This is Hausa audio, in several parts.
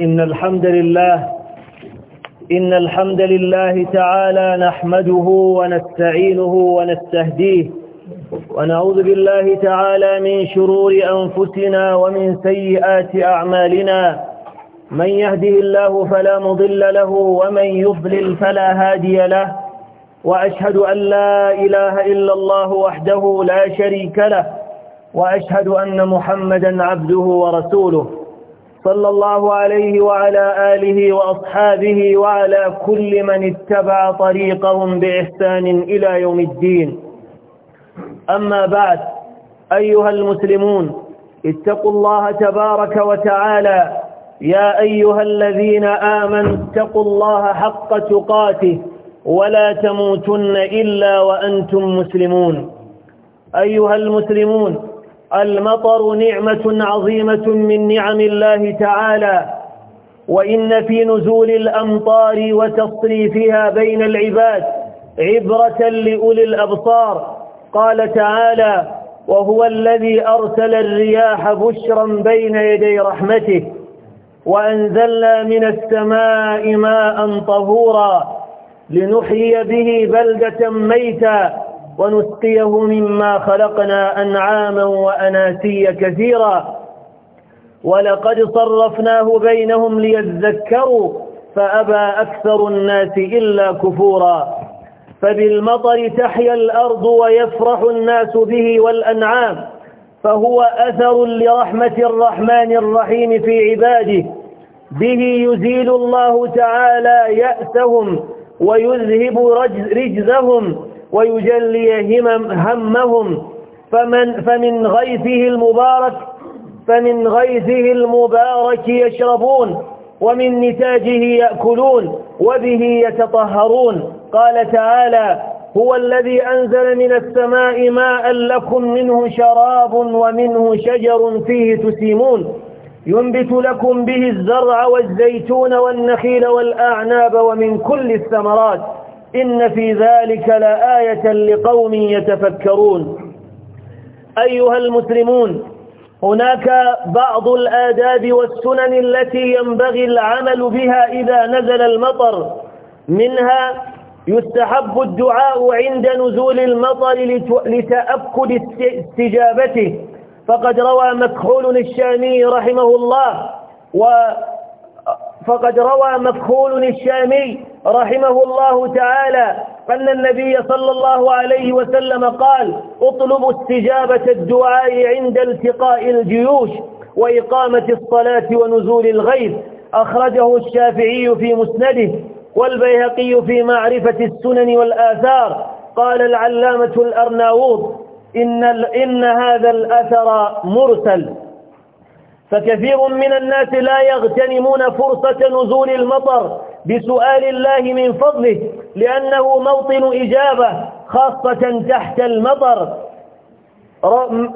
إن الحمد لله إن الحمد لله تعالى نحمده ونستعينه ونستهديه ونعوذ بالله تعالى من شرور أنفسنا ومن سيئات أعمالنا من يهده الله فلا مضل له ومن يضلل فلا هادي له وأشهد أن لا إله إلا الله وحده لا شريك له وأشهد أن محمدا عبده ورسوله صلى الله عليه وعلى آله وأصحابه وعلى كل من اتبع طريقهم بإحسان إلى يوم الدين أما بعد أيها المسلمون اتقوا الله تبارك وتعالى يا أيها الذين آمنوا اتقوا الله حق تقاته ولا تموتن إلا وأنتم مسلمون أيها المسلمون المطر نعمة عظيمة من نعم الله تعالى وإن في نزول الأمطار وتصريفها بين العباد عبرة لأولي الأبصار قال تعالى وهو الذي أرسل الرياح بشرا بين يدي رحمته وأنزلنا من السماء ماء طهورا لنحيي به بلدة ميتا ونسقيه مما خلقنا أنعاما وأناسيا كثيرا ولقد صرفناه بينهم ليذكروا فأبى أكثر الناس إلا كفورا فبالمطر تحيا الأرض ويفرح الناس به والأنعام فهو أثر لرحمة الرحمن الرحيم في عباده به يزيل الله تعالى يأسهم ويذهب رجزهم ويجلي همم همهم فمن فمن غيثه المبارك فمن غيثه المبارك يشربون ومن نتاجه يأكلون وبه يتطهرون قال تعالى هو الذي أنزل من السماء ماء لكم منه شراب ومنه شجر فيه تسيمون ينبت لكم به الزرع والزيتون والنخيل والأعناب ومن كل الثمرات إن في ذلك لآية لقوم يتفكرون أيها المسلمون هناك بعض الآداب والسنن التي ينبغي العمل بها إذا نزل المطر منها يستحب الدعاء عند نزول المطر لتأكد استجابته فقد روى مكحول الشامي رحمه الله و فقد روى مفخول الشامي رحمه الله تعالى أن النبي صلى الله عليه وسلم قال اطلبوا استجابة الدعاء عند التقاء الجيوش وإقامة الصلاة ونزول الغيث أخرجه الشافعي في مسنده والبيهقي في معرفة السنن والآثار قال العلامة الأرناوط إن, إن هذا الأثر مرسل فكثير من الناس لا يغتنمون فرصة نزول المطر بسؤال الله من فضله لأنه موطن إجابة خاصة تحت المطر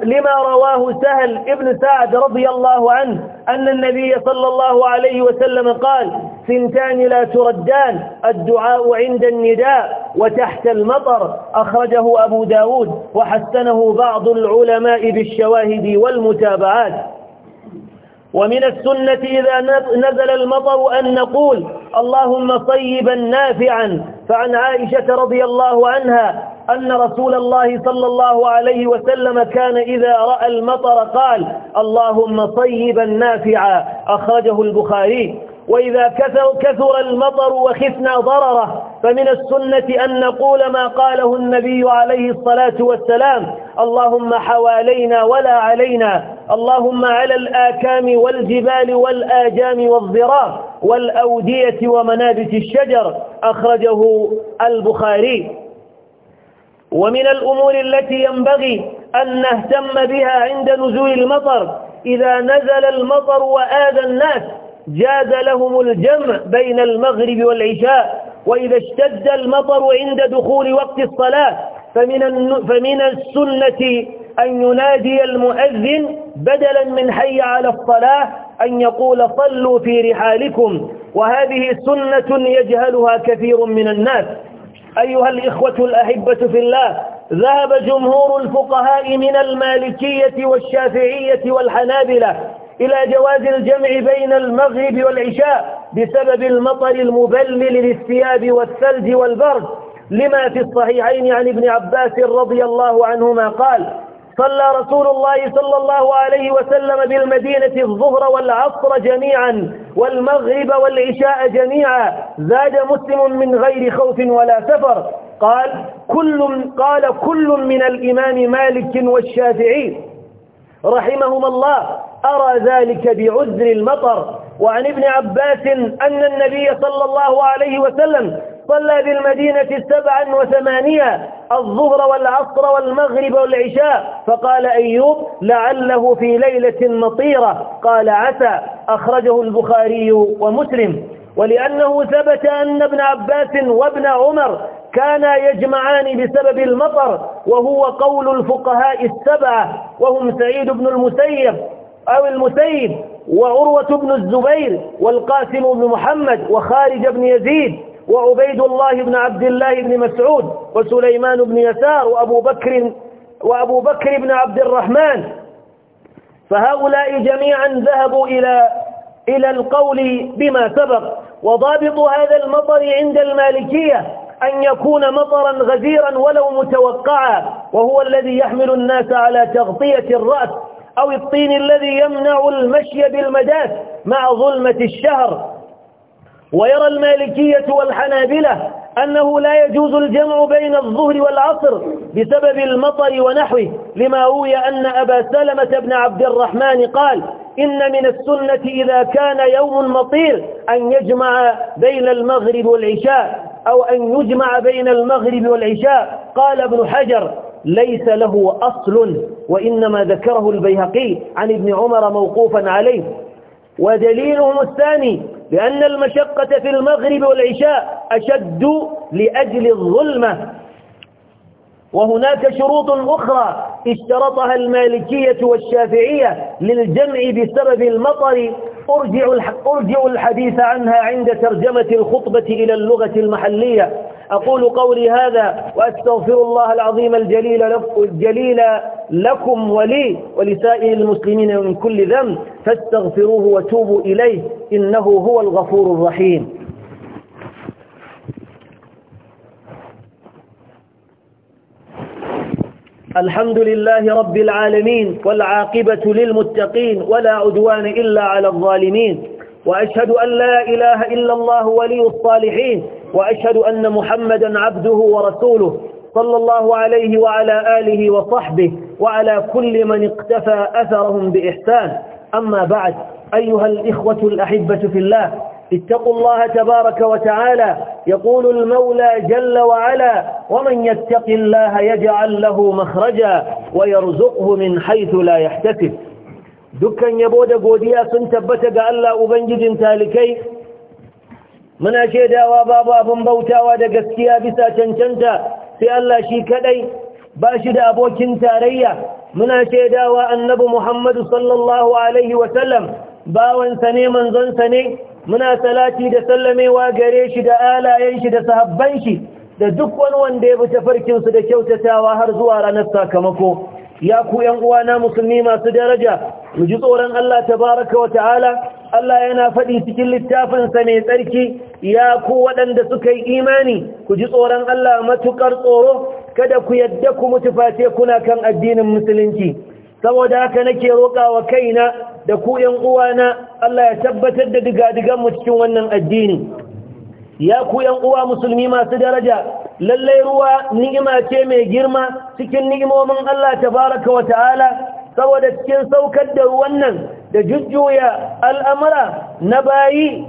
لما رواه سهل ابن سعد رضي الله عنه أن النبي صلى الله عليه وسلم قال سنتان لا تردان الدعاء عند النداء وتحت المطر أخرجه أبو داود وحسنه بعض العلماء بالشواهد والمتابعات ومن السنة إذا نزل المطر أن نقول اللهم طيبا نافعا فعن عائشة رضي الله عنها أن رسول الله صلى الله عليه وسلم كان إذا رأى المطر قال اللهم طيبا نافعا أخرجه البخاري وإذا كثر, كثر المطر وخفنا ضرره فمن السنة أن نقول ما قاله النبي عليه الصلاة والسلام اللهم حوالينا ولا علينا اللهم على الآكام والجبال والآجام والضراع والأودية ومنابت الشجر أخرجه البخاري ومن الأمور التي ينبغي أن نهتم بها عند نزول المطر إذا نزل المطر وآذى الناس جاز لهم الجمع بين المغرب والعشاء وإذا اشتد المطر عند دخول وقت الصلاة فمن فمن السنة أن ينادي المؤذن بدلا من حي على الصلاة أن يقول صلوا في رحالكم وهذه سنة يجهلها كثير من الناس أيها الإخوة الأحبة في الله ذهب جمهور الفقهاء من المالكية والشافعية والحنابلة إلى جواز الجمع بين المغرب والعشاء بسبب المطر المبلل للثياب والثلج والبرد لما في الصحيحين عن ابن عباس رضي الله عنهما قال صلى رسول الله صلى الله عليه وسلم بالمدينة الظهر والعصر جميعا والمغرب والعشاء جميعا زاد مسلم من غير خوف ولا سفر قال كل قال كل من الإمام مالك والشافعي رحمهما الله أرى ذلك بعذر المطر وعن ابن عباس أن النبي صلى الله عليه وسلم صلى بالمدينة سبعا وثمانية الظهر والعصر والمغرب والعشاء فقال أيوب لعله في ليلة مطيرة قال عسى أخرجه البخاري ومسلم ولأنه ثبت أن ابن عباس وابن عمر كانا يجمعان بسبب المطر وهو قول الفقهاء السبعة وهم سعيد بن المسيب أو المسيب وعروة بن الزبير والقاسم بن محمد وخارج بن يزيد وعبيد الله بن عبد الله بن مسعود وسليمان بن يسار وأبو بكر وأبو بكر بن عبد الرحمن فهؤلاء جميعا ذهبوا إلى إلى القول بما سبق وضابط هذا المطر عند المالكية أن يكون مطرا غزيرا ولو متوقعا وهو الذي يحمل الناس على تغطية الرأس أو الطين الذي يمنع المشي بالمداد مع ظلمة الشهر ويرى المالكية والحنابلة أنه لا يجوز الجمع بين الظهر والعصر بسبب المطر ونحوه لما روي أن أبا سلمة بن عبد الرحمن قال إن من السنة إذا كان يوم مطير أن يجمع بين المغرب والعشاء أو أن يجمع بين المغرب والعشاء قال ابن حجر ليس له أصل وإنما ذكره البيهقي عن ابن عمر موقوفا عليه ودليلهم الثاني بأن المشقة في المغرب والعشاء أشد لأجل الظلمة وهناك شروط أخرى اشترطها المالكية والشافعية للجمع بسبب المطر أرجع, أرجع الحديث عنها عند ترجمة الخطبة إلى اللغة المحلية أقول قولي هذا وأستغفر الله العظيم الجليل, الجليل لكم ولي ولسائر المسلمين من كل ذنب فاستغفروه وتوبوا إليه إنه هو الغفور الرحيم الحمد لله رب العالمين والعاقبة للمتقين ولا عدوان إلا على الظالمين وأشهد أن لا إله إلا الله ولي الصالحين وأشهد أن محمدا عبده ورسوله صلى الله عليه وعلى آله وصحبه وعلى كل من اقتفى أثرهم بإحسان أما بعد أيها الإخوة الأحبة في الله اتقوا الله تبارك وتعالى يقول المولى جل وعلا ومن يتق الله يجعل له مخرجا ويرزقه من حيث لا يحتسب دكن يبود غوديا سنتبت قال ابنجد تالكي من اشهد وباب ابن بوتا ودغسكيا بسا تنتنتا في ألا شي كدي باشي دا ابوكين تاريا من اشهد النبي محمد صلى الله عليه وسلم باون سني من ظن سني muna salati da sallamewa gare shi da alayen shi da sahabban shi da duk wani wanda ya bi tafarkin su da kyautatawa har zuwa ranar sakamako ya ku yan uwa na musulmi masu daraja mu ji tsoron Allah tabaraka wa ta'ala Allah yana faɗi cikin littafinsa mai tsarki ya ku waɗanda suka yi imani ku ji tsoron Allah matukar tsoro kada ku yadda ku mutu face kuna kan addinin musulunci saboda haka nake roƙawa kaina da ku ƴan uwana Allah ya tabbatar da digadigan mu cikin wannan addini ya ku ƴan uwa musulmi masu daraja lallai ruwa ni'ima ce mai girma cikin ni'imomin Allah tabaaraka wa ta'ala saboda cikin saukar da wannan da jujjuya al'amura na bayi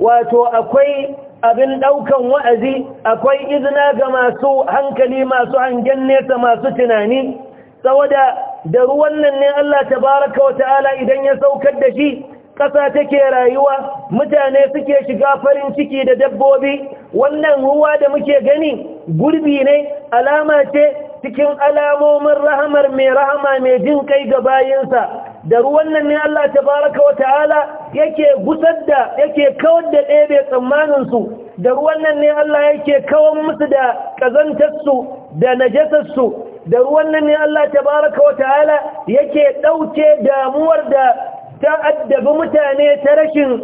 wato akwai abin daukan wa'azi akwai izina ga masu hankali masu hangen nesa masu tunani saboda da ruwan nan ne Allah tabaraka wa ta'ala idan ya saukar da shi ƙasa take rayuwa mutane suke shiga farin ciki da dabbobi wannan ruwa da muke gani gurbi ne alama ce cikin alamomin rahamar mai rahama mai jin kai ga bayansa da ruwan nan ne Allah tabaraka wa ta'ala yake gusar da yake kawar da ɗebe tsammaninsu da ruwan nan ne Allah yake kawar musu da ƙazantarsu da najasarsu da ruwan nan ne Allah tabaraka wa ta'ala yake ɗauke damuwar da ta addabi mutane ta rashin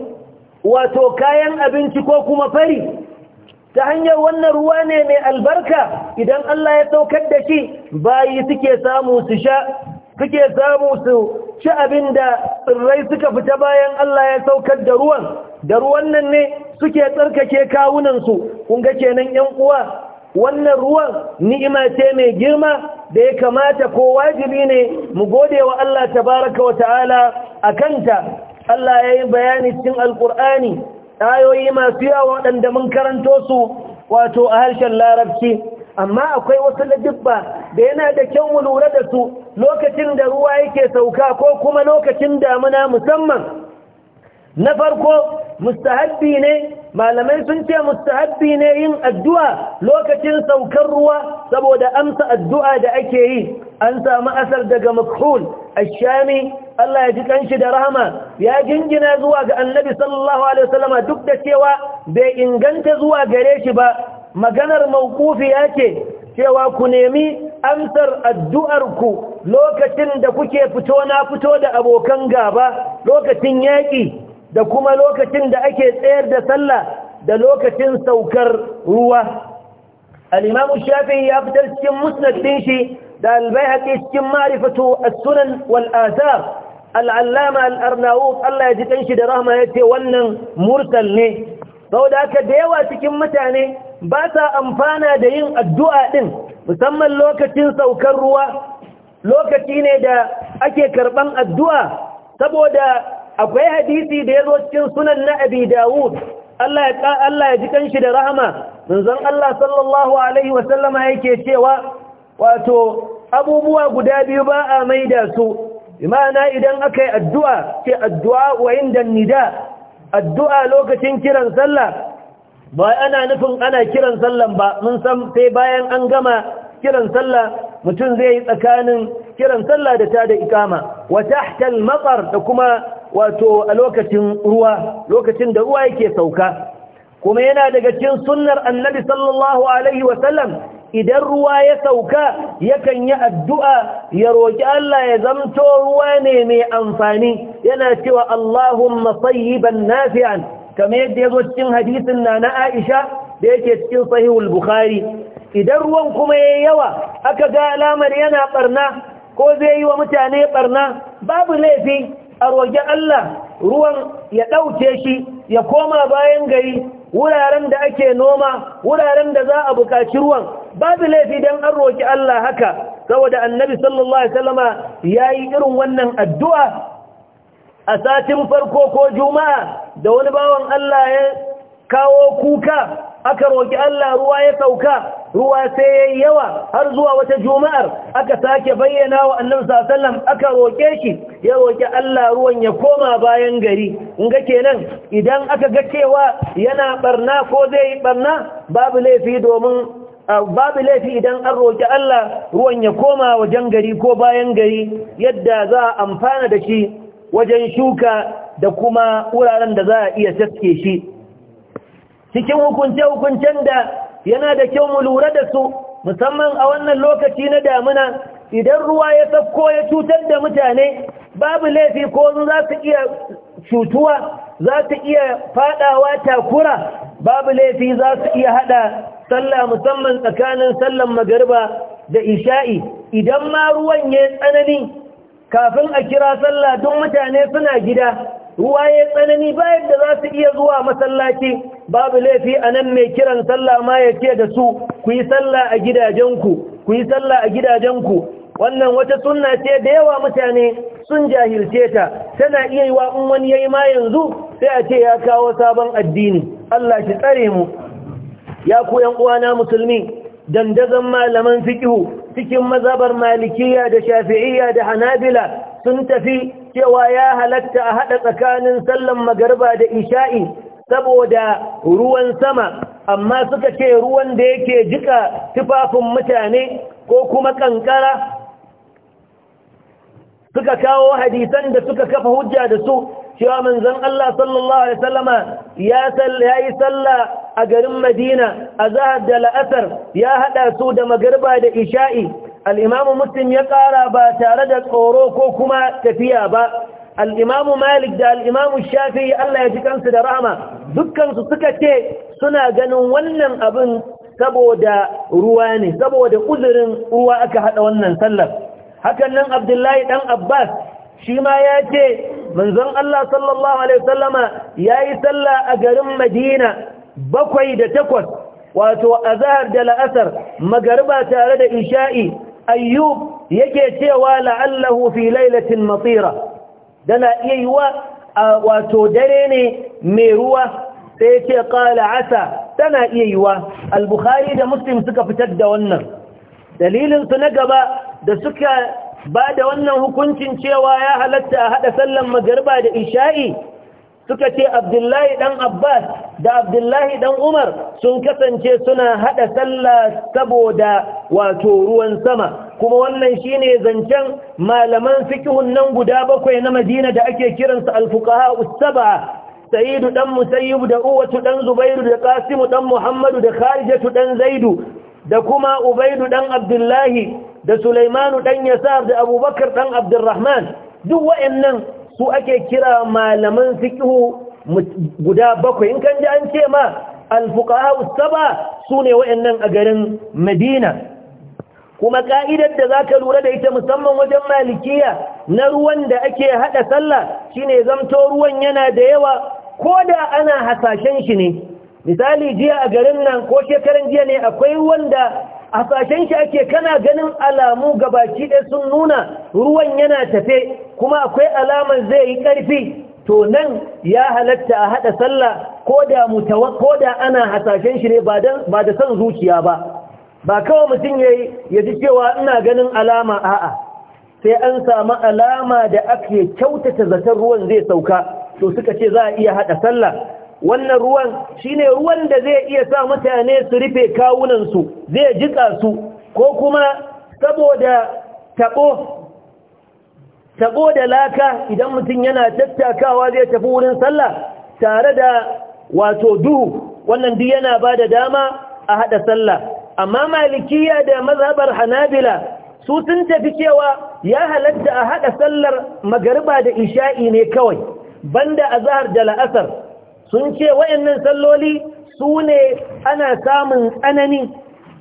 wato kayan abinci ko kuma fari ta hanyar wannan ruwa ne mai albarka idan Allah ya saukar da shi bayi suke samu su sha suke samu su ci abin da tsirrai suka fita bayan Allah ya saukar da ruwan da ruwan nan ne suke tsarkake kawunansu kun ga kenan 'yan uwa wannan ruwan ni'ima ce mai girma da ya kamata ko wajibi ne mu gode wa Allah tabaraka wa ta'ala a kanta Allah ya yi bayani cikin alkur'ani ayoyi masu yawa waɗanda mun karanto su wato a harshen larabci amma akwai wasu ladibba da yana da kyau mu lura da su lokacin da ruwa yake sauka ko kuma lokacin damuna musamman na farko mustahabbi ne malamai sun ce mustahabbi ne yin addu'a lokacin saukar ruwa saboda amsa addu'a da ake yi an samu asar daga makhul ashami Allah ya ji kanshi da rahama ya jingina zuwa ga annabi sallallahu alaihi wasallama duk da cewa bai inganta zuwa gare shi ba maganar mawqufi yake cewa ku nemi amsar addu'arku lokacin da kuke fito na fito da abokan gaba lokacin yaƙi da kuma lokacin da ake tsayar da sallah da lokacin saukar ruwa al-imamu ya fitar cikin musnad shi da al-baihaqi cikin ma'rifatu as-sunan wal athar al-allama al Allah ya ji kanshi da rahma yace wannan mursal ne saboda haka da yawa cikin mutane ba sa amfana da yin addu'a din musamman lokacin saukar ruwa lokaci ne da ake karban addu'a saboda akwai hadisi da ya zo cikin sunan na abi dawud Allah ya Allah ji kanshi da rahama manzon Allah sallallahu alaihi wasallama yake cewa wato abubuwa guda biyu ba a maida su imana idan aka yi addu'a ce addu'a wa inda nida addu'a lokacin kiran sallah ba ana nufin ana kiran sallan ba mun san sai bayan an gama kiran sallah mutum zai yi tsakanin kiran sallah da ta da ikama wa tahta al-matar da kuma wato a lokacin ruwa lokacin da ruwa yake sauka kuma yana daga cikin sunnar annabi sallallahu alaihi wa sallam idan ruwa ya sauka yakan yi addu'a ya roƙi Allah ya zamto ruwa ne mai amfani yana cewa Allahumma sayyiban nafi'an kamar yadda ya zo cikin hadisin na na Aisha da yake cikin sahihul Bukhari idan ruwan kuma ya yawa aka ga alamar yana barna ko zai yi wa mutane barna babu laifi a roƙi Allah ruwan ya ɗauke shi ya koma bayan gari wuraren da ake noma wuraren da za a buƙaci ruwan babu laifi don an roƙi Allah haka saboda annabi sallallahu Alaihi wasallama ya yi irin wannan addu'a a satin farko ko juma'a da wani bawan Allah ya kawo kuka aka roƙi Allah ruwa ya sauka ruwa sai yayi yawa har zuwa wata juma'ar aka sake bayyana wa Annabi sallallahu alaihi aka roƙe shi ya roƙi Allah ruwan ya koma bayan gari in ga kenan idan aka ga cewa yana barna ko zai yi barna babu laifi domin babu laifi idan an roƙi Allah ruwan ya koma wajen gari ko bayan gari yadda za a amfana da shi wajen shuka da kuma wuraren da za a iya taske shi cikin hukunce-hukuncen da yana da kyau mu lura da su musamman a wannan lokaci na damuna idan ruwa ya sauko ya cutar da mutane babu laifi ko za su iya cutuwa za su iya fadawa takura babu laifi za su iya hada sallah musamman tsakanin sallan magariba da isha'i idan ma ruwan ya tsanani kafin a kira sallah duk mutane suna gida ruwa ya tsanani bayan da za su iya zuwa masallaci babu laifi a nan mai kiran sallah ma ya ce da su ku yi sallah a gidajenku ku yi sallah a gidajenku wannan wata sunna ce da yawa mutane sun jahilce ta tana iya yi wa in wani yi ma yanzu sai a ce ya kawo sabon addini Allah ki tsare mu ya ku yan uwana musulmi dandazon malaman fiqhu cikin mazhabar malikiyya da shafi'iyya da hanabila sun tafi cewa ya halatta a haɗa tsakanin sallan magarba da isha'i saboda ruwan sama amma suka ce ruwan da yake jika tufafin mutane ko kuma ƙanƙara suka kawo hadisan da suka kafa hujja da su cewa manzon Allah sallallahu alaihi wasallama ya yi sallah a garin Madina a zahar da la'asar ya hada su da magarba da isha'i al'imamu muslim ya ƙara ba tare da tsoro ko kuma tafiya ba al'imamu malik da al'imamu shafi Allah ya ji kansu da rahama dukkansu suka ce suna ganin wannan abin saboda ruwa ne saboda uzurin ruwa aka haɗa wannan sallar hakan nan abdullahi ɗan abbas shi ma ya ce manzon Allah sallallahu alaihi sallama ya yi sallah a garin madina bakwai da takwas wato azahar da la'asar magariba tare da isha'i ayyub yake cewa la'allahu fi lailatin matira dana iya wato dare ne mai ruwa sai yake qala asa tana iya yiwa al-bukhari da muslim suka fitar da wannan dalilin su na gaba da suka ba da wannan hukuncin cewa ya halatta a hada sallan magriba da isha'i suka ce abdullahi dan abbas da abdullahi dan umar sun kasance suna hada sallah saboda wato ruwan sama kuma wannan shine zancen malaman fikihun nan guda bakwai na madina da ake kiransa alfuqaha usaba sayyidu dan musayyib da uwatu dan zubairu da Kasimu, dan muhammadu da kharijatu dan zaidu da kuma ubaidu dan abdullahi da sulaimanu dan yasar da abubakar dan abdurrahman duk wa'annan su ake kira malaman fiqhu guda bakwai in kan ji an ce ma alfuqaha saba sune wayannan a garin Madina kuma ka'idar da zaka lura da ita musamman wajen malikiya na ruwan da ake hada sallah shine zamto ruwan yana da yawa ko da ana hasashen shi ne misali jiya a garin nan ko shekaran jiya ne akwai wanda hasashen shi ake kana ganin alamu gabaki ɗaya sun nuna ruwan yana tafe kuma akwai alamar zai yi ƙarfi to nan ya halatta a haɗa sallah ko da ko da ana hasashen shi ne ba da son zuciya ba ba kawai mutum ya ji cewa ina ganin alama a'a sai an samu alama da ake kyautata zaton ruwan zai sauka to suka ce za a iya haɗa sallah wannan ruwan shine ruwan da zai iya sa mutane su rufe kawunansu zai jiƙa su ko kuma saboda taɓo tabo da laka idan mutum yana tattakawa zai tafi wurin sallah tare da wato duhu wannan duk yana ba da dama a haɗa sallah amma malikiya da mazhabar hanabila su sun tafi cewa ya halatta a haɗa sallar magariba da isha'i ne kawai banda azhar da la'asar sun ce wayannan salloli su ne ana samun tsanani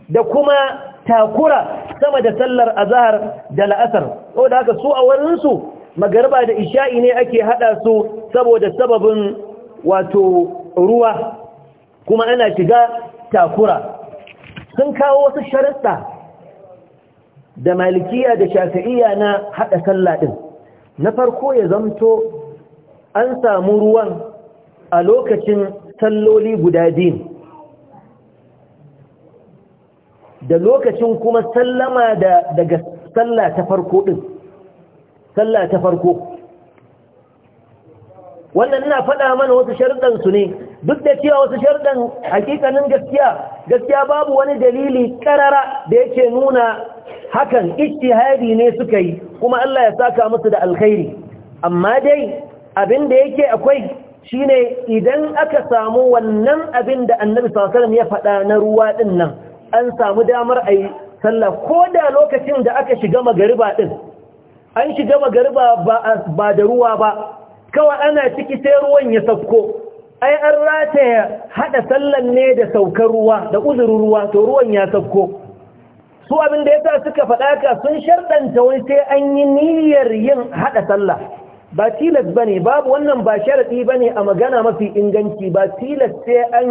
da kuma takura sama da sallar Azahar da la'asar saboda haka su a wurin su magarba da isha'i ne ake hada su saboda sababin wato ruwa kuma ana shiga takura sun kawo wasu sharasta da malikiya da shafi'iyya na hada sallah din na farko ya zamto an samu ruwan a lokacin salloli guda din da lokacin kuma sallama da daga sallah ta farko din sallah ta farko wannan ina faɗa mana wasu sharuɗan su ne duk da cewa wasu sharuɗan hakikanin gaskiya gaskiya babu wani dalili ƙarara da yake nuna hakan ijtihadi ne suka yi kuma Allah ya saka musu da alkhairi amma dai abin da yake akwai shine idan aka samu wannan abin da Annabi sallallahu alaihi wasallam ya faɗa na ruwa din nan an samu damar a yi sallah ko da lokacin da aka shiga magariba ɗin an shiga magariba ba da ruwa ba kawai ana ciki sai ruwan ya sauko ai an rataya haɗa sallan ne da saukar ruwa da uzurin ruwa to ruwan ya sauko su abin da yasa suka faɗa ka sun sharɗanta wani sai an yi niyyar yin haɗa sallah ba tilas bane babu wannan ba sharaɗi bane a magana mafi inganci ba tilas sai an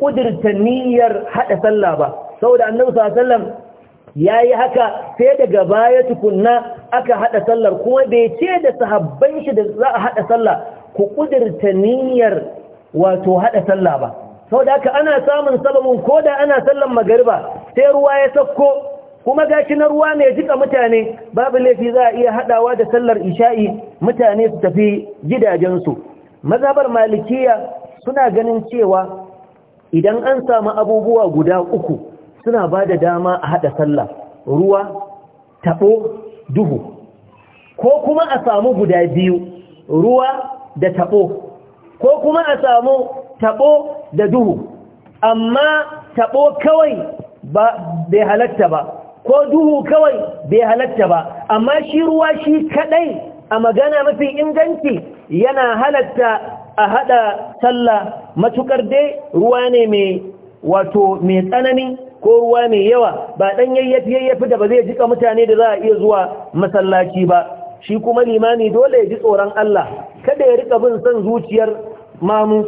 ƙudurta niyyar haɗa sallah ba saboda annabi sallallahu alaihi wasallam yayi haka sai daga baya tukunna aka hada sallar kuma bai ce da sahabban shi da za a hada sallah ku kudirta niyyar wato hada sallah ba saboda haka ana samun sababin koda ana sallan magariba sai ruwa ya sauko kuma gashi na ruwa mai jika mutane babu laifi za a iya hadawa da sallar isha'i mutane su tafi gidajensu mazhabar malikiya suna ganin cewa idan an samu abubuwa guda uku suna ba da dama a haɗa sallah ruwa taɓo duhu ko kuma a samu guda biyu ruwa da taɓo ko kuma a samu taɓo da duhu amma taɓo kawai ba bai halatta ba ko duhu kawai bai halatta ba amma shi ruwa shi kadai a magana mafi inganci yana halatta a hada sallah matukar dai ruwa ne mai wato mai tsanani ko ruwa mai yawa ba dan yayyafi yayyafi da ba zai jika mutane da za a iya zuwa masallaci ba shi kuma limami dole ya ji tsoron Allah kada ya rika bin son zuciyar mamu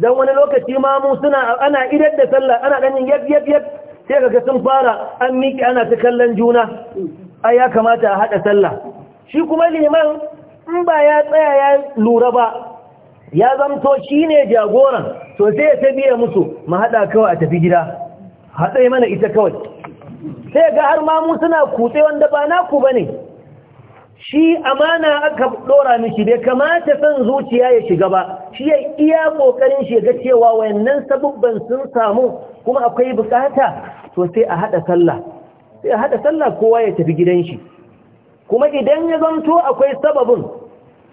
dan wani lokaci mamu suna ana idar da sallah ana dan yaf yaf yaf sai kaga sun fara an miki ana ta kallon juna ai ya kamata a hada sallah shi kuma liman in ba ya tsaya ya lura ba ya zamto shine jagoran to sai ya tabiya musu mu hada kawai a tafi gida haɗe mana ita kawai sai ga har mamu suna kutse wanda ba naku ba ne shi amana aka ɗora mishi bai kamata son zuciya ya shiga ba shi ya iya ƙoƙarin shiga cewa wayannan sabubban sun samu kuma akwai bukata to sai a haɗa sallah sai a haɗa sallah kowa ya tafi gidan shi kuma idan ya zanto akwai sababin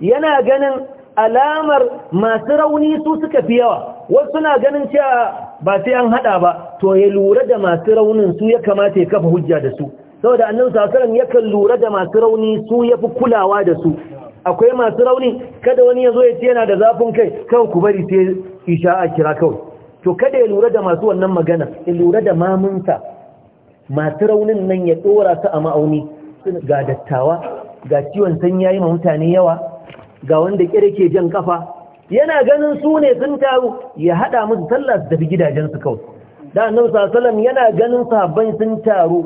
yana ganin alamar masu rauni su suka fi yawa wasu na ganin cewa ba sai an hada ba to ya lura da masu raunin su ya kamata ya kafa hujja da su saboda annabi sallallahu alaihi yakan lura da masu rauni su yafi kulawa da su akwai masu rauni kada wani ya zo ya ce yana da zafin kai kan ku bari sai isha a kira kawai to kada ya lura da masu wannan magana ya lura da mamunsa masu raunin nan ya dora su a ma'auni ga dattawa ga ciwon san yayi ma mutane yawa ga wanda kire ke jan kafa yana ganin su ne sun taru ya hada musu sallah su tafi gidajensu kawai da annabi sallallahu yana ganin sahabban sun taru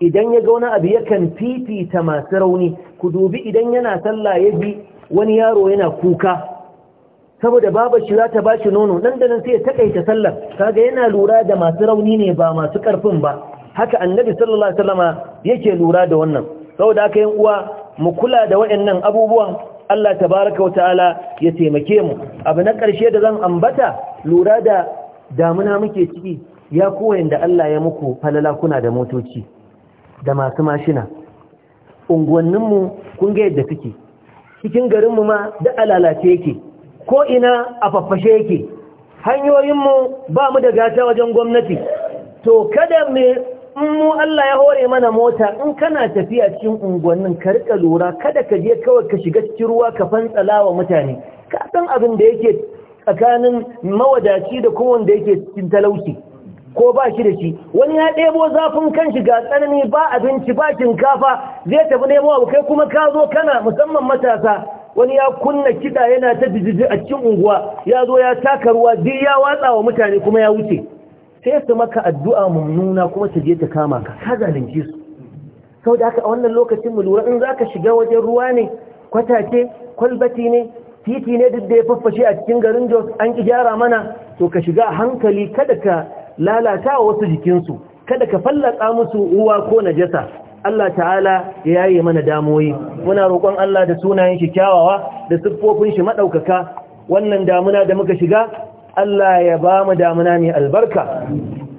idan ya ga wani abu yakan fifita masu rauni ku dubi idan yana sallah ya bi wani yaro yana kuka saboda baba shi za ta bashi nono nan da nan sai ya takaita sallar kaga yana lura da masu rauni ne ba masu karfin ba haka annabi sallallahu alaihi wasallama yake lura da wannan saboda haka yan uwa mu kula da waɗannan abubuwan Allah tabaraka wa ta'ala ya taimake mu abu na ƙarshe da zan ambata lura da damuna muke ciki ya koyan da Allah ya muku falala kuna da motoci da masu mashina unguwanninmu kun ga yadda suke cikin garinmu ma da alalace yake ko ina a faffashe yake hanyoyinmu ba mu da gata wajen gwamnati to kada mai in mu Allah ya hore mana mota in kana tafiya cikin unguwannin ka lura kada ka je kawai ka shiga cikin ruwa ka fantsala wa mutane ka san abin da yake tsakanin mawadaci da kuma da yake cikin talauci ko ba shi da shi wani ya ɗebo zafin kan shiga tsanani ba abinci ba shinkafa zai tafi nemo abu kai kuma ka zo kana musamman matasa wani ya kunna kiɗa yana ta bijiji a cikin unguwa ya zo ya taka ruwa duk ya watsa wa mutane kuma ya wuce sai su maka addu'a mummuna kuma su je ta kama ka ka zalunce su sau da haka a wannan lokacin mu lura in za ka shiga wajen ruwa ne kwatace kwalbati ne titi ne duk da ya faffashe a cikin garin jos an ki gyara mana to ka shiga a hankali kada ka lalata wa wasu jikinsu kada ka fallaka musu uwa ko najasa Allah ta'ala ya yaye mana damoyi muna roƙon Allah da sunayen shi kyawawa da siffofin shi maɗaukaka, wannan damuna da muka shiga Allah ya ba mu damuna mai albarka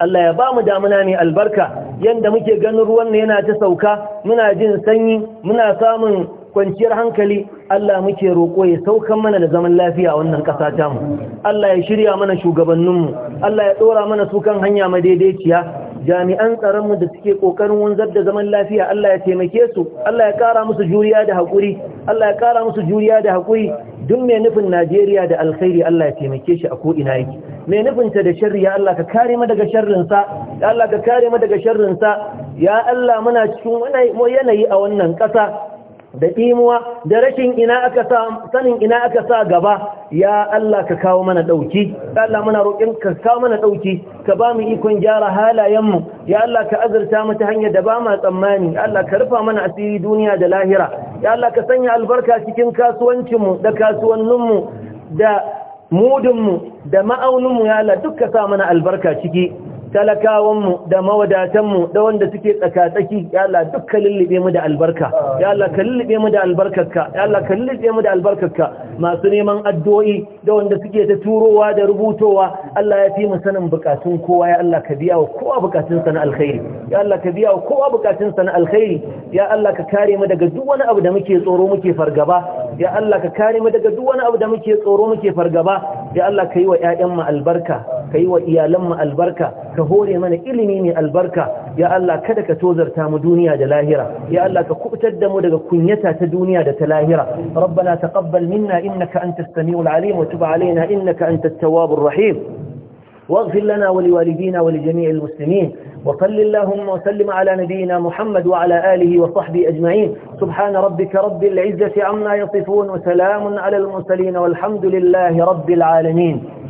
Allah ya ba mu damuna mai albarka yanda muke ganin ruwan ne yana ta sauka muna jin sanyi muna samun kwanciyar hankali Allah muke roƙo ya saukan mana da zaman lafiya a wannan ƙasa mu. Allah ya shirya mana shugabanninmu Allah ya ɗora mana su kan hanya madaidaiciya jami'an tsaronmu da suke ƙoƙarin wanzar da zaman lafiya Allah ya taimake su Allah ya ƙara musu juriya da haƙuri Allah ya ƙara musu juriya da haƙuri duk mai nufin Najeriya da alkhairi Allah ya taimake shi a ko'ina yake mai nufinta da sharri ya Allah ka kare mu daga sharrinsa ya Allah ka kare mu daga sharrinsa ya Allah muna cikin wani yanayi a wannan ƙasa da ƙimuwa da rashin ina aka sa sanin ina aka sa gaba ya Allah ka kawo mana ɗauki Allah muna roƙin ka kawo mana ɗauki ka ba mu ikon gyara halayenmu ya Allah ka azurta mu ta hanyar da ba ma tsammani Allah ka rufa mana asiri duniya da lahira ya Allah ka sanya albarka cikin kasuwancinmu da kasuwanninmu da mudunmu da ma'auninmu ya Allah duk ka sa mana albarka ciki talakawanmu da mawadatanmu da wanda suke tsakatsaki ya Allah duk ka lullube mu da albarka ya Allah ka lullube mu da albarkarka ya Allah ka lullube mu da albarkarka masu neman addu'o'i da wanda suke ta turowa da rubutowa Allah ya fi mu sanin bukatun kowa ya Allah ka biya wa kowa bukatun sa na alkhairi ya Allah ka biya wa kowa bukatun sa na alkhairi ya Allah ka kare mu daga duk wani abu da muke tsoro muke fargaba ya Allah ka kare mu daga duk wani abu da muke tsoro muke fargaba ya Allah ka yi wa ƴaƴan mu albarka ka yi wa iyalanmu albarka ka hore mana ilimi ne albarka ya Allah kada ka tozarta mu duniya da lahira ya Allah ka kubutar da mu daga kunyata ta duniya da ta lahira rabbana taqabbal minna innaka antas samiul alim wa tub alaina innaka antat tawwabur rahim واغفر لنا ولوالدينا ولجميع المسلمين وصل اللهم وسلم على نبينا محمد وعلى آله وصحبه أجمعين سبحان ربك رب العزة عما يصفون وسلام على المرسلين والحمد لله رب العالمين